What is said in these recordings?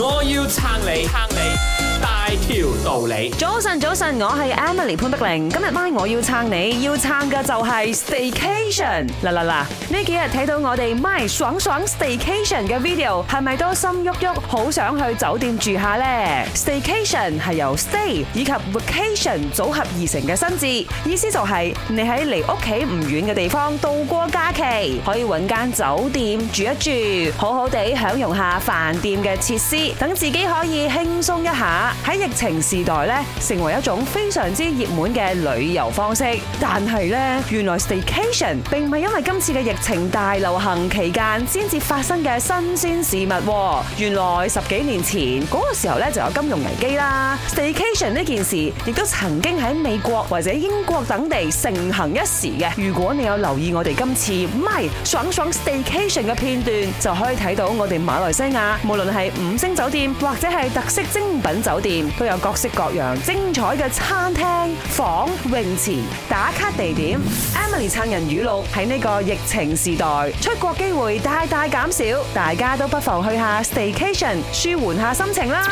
我要撐你，撐你大條道理。早晨，早晨，我係 Emily 潘德玲。今日 my 我要撐你，要撐嘅就係 staycation。嗱嗱嗱！呢幾日睇到我哋 my 爽爽 staycation 嘅 video，係咪都心喐喐，好想去酒店住下呢？Staycation 係由 stay 以及 vacation 組合而成嘅新字，意思就係你喺離屋企唔遠嘅地方度過假期，可以揾間酒店住一住，好好地享用下飯店嘅設施。等自己可以輕鬆一下，喺疫情時代咧，成為一種非常之熱門嘅旅遊方式但是。但係呢，原來 staycation 並唔係因為今次嘅疫情大流行期間先至發生嘅新鮮事物。原來十幾年前嗰、那個時候咧，就有金融危機啦。staycation 呢件事亦都曾經喺美國或者英國等地盛行一時嘅。如果你有留意我哋今次咪爽爽 staycation 嘅片段，就可以睇到我哋馬來西亞無論係五星。酒店或者係特色精品酒店，都有各式各樣精彩嘅餐廳、房、泳池、打卡地點。Emily 撐人語錄喺呢個疫情時代，出國機會大大減少，大家都不妨去下 Staycation，舒緩下心情啦。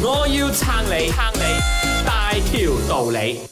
我要撐你，撐你大條道理。